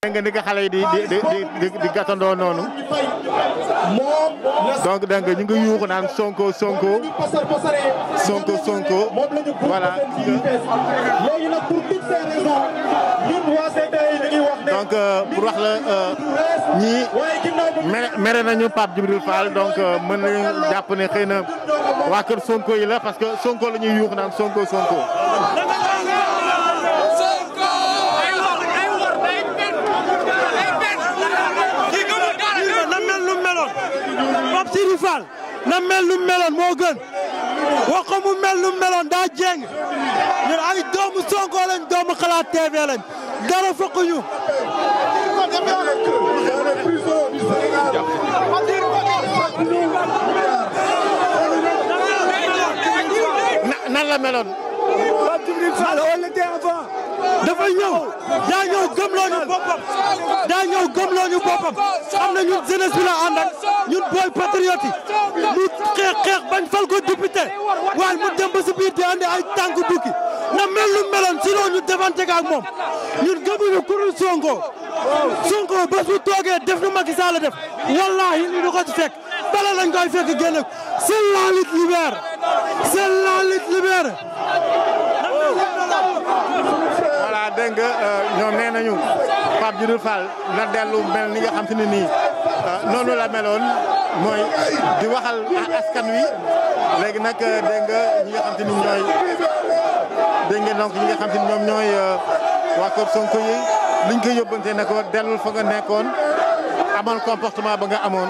nga ni ko xale di di di noonu donc dégg nga ñu ngi yuuxu Sonko Sonko Sonko Sonko voilà. donc euh, pour wax la euh, ñii mere nañu Pape donc euh, mën nañu jàpp ne xëy na waa kër Sonko yi la parce que Sonko la ñuy yuuxu naan Sonko Sonko. Sidi Fall na mel nu meloon moo gën wax mu mel nu meloon daa jéng ñun doomu Sonko lañ doomu Xalaat TV lañ dara fokk ñu. nan la meloon. dafa ñëw daa ñëw gëmloo ñu boppam daa ñëw gëmloo ñu boppam xam na ñun jeunesse bi la ñun booy patriote yi mu xeex bañ fal ko député mu dem ba si di andi ay tànk dukki na mel lu meloon sinon defante ak moom ñun gëmuñu ku dul Sonko Sonko bés bu toogee def nu Macky Sall def wallaahi ni du fekk bala lañ fekk génn c'est la lutte libère c'est la dégg nga euh, ñoom nee nañu Pape Djibril Fall na dellu mel ni nga xam te ne nii euh, noonu la meloon mooy di waxal askan wi léegi nag euh, dégg nga ñi nga xam te ñooy dégg nga donc ñi nga xam te ñoom ñooy waa kër Sonko yi liñ koy yóbbante ne ko dellul fa nga nekkoon amoon comportement ba nga amoon.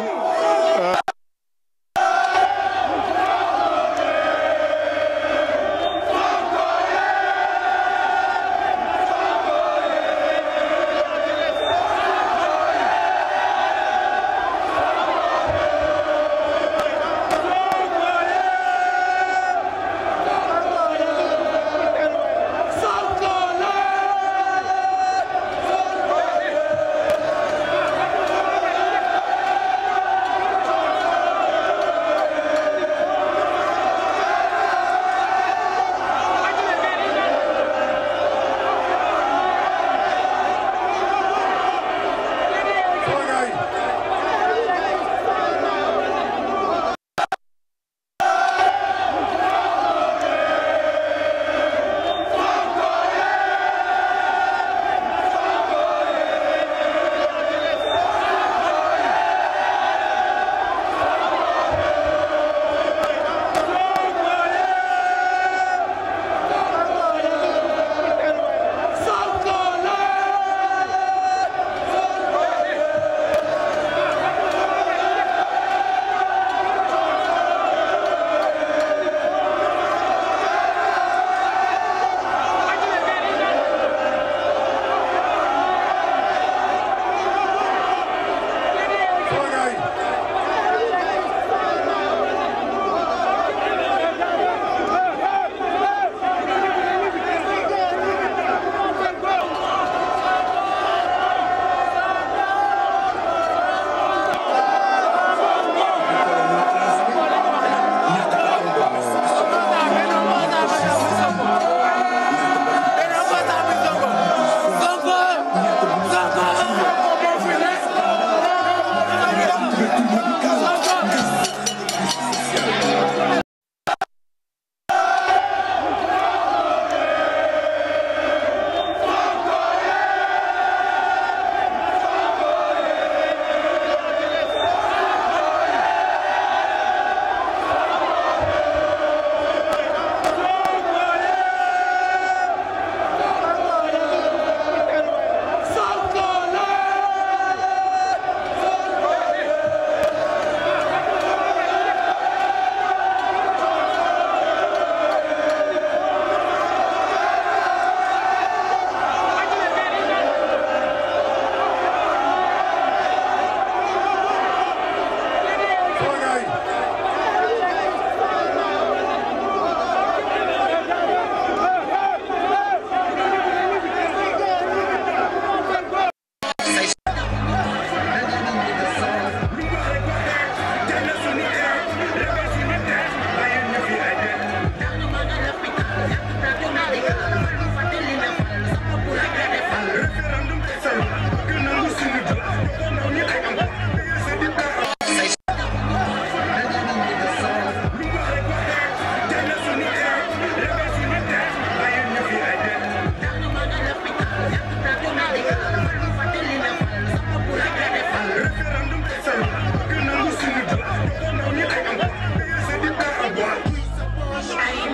Thank you.